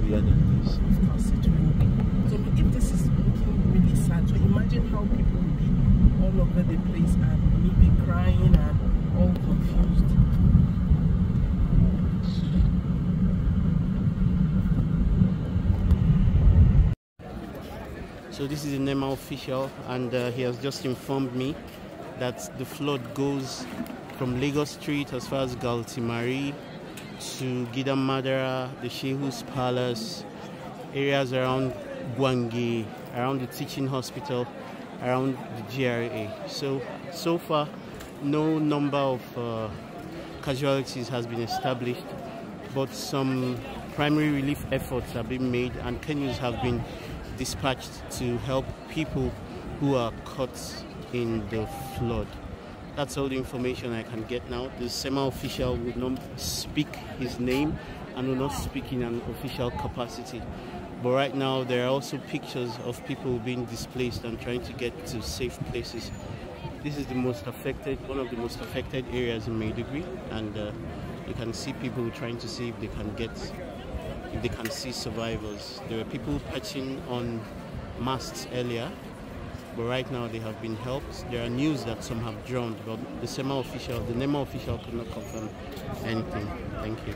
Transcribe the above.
be any of course it will be. So if this is looking really sad, so imagine how people will be all over the place and maybe crying and all confused. So this is a NEMA official and uh, he has just informed me that the flood goes from Lagos Street as far as Galtimari to Gidamadara, the Shehu's Palace, areas around Gwangi, around the teaching hospital, around the GRA. So, so far, no number of uh, casualties has been established, but some primary relief efforts have been made and Kenyans have been dispatched to help people who are caught in the flood. That's all the information I can get now. The semi-official would not speak his name and will not speak in an official capacity. But right now, there are also pictures of people being displaced and trying to get to safe places. This is the most affected, one of the most affected areas in Maiduguri, and uh, you can see people trying to see if they can get, if they can see survivors. There were people patching on masts earlier, but right now they have been helped. There are news that some have drowned, but the SEMA official, the NEMA official could not confirm anything. Thank you.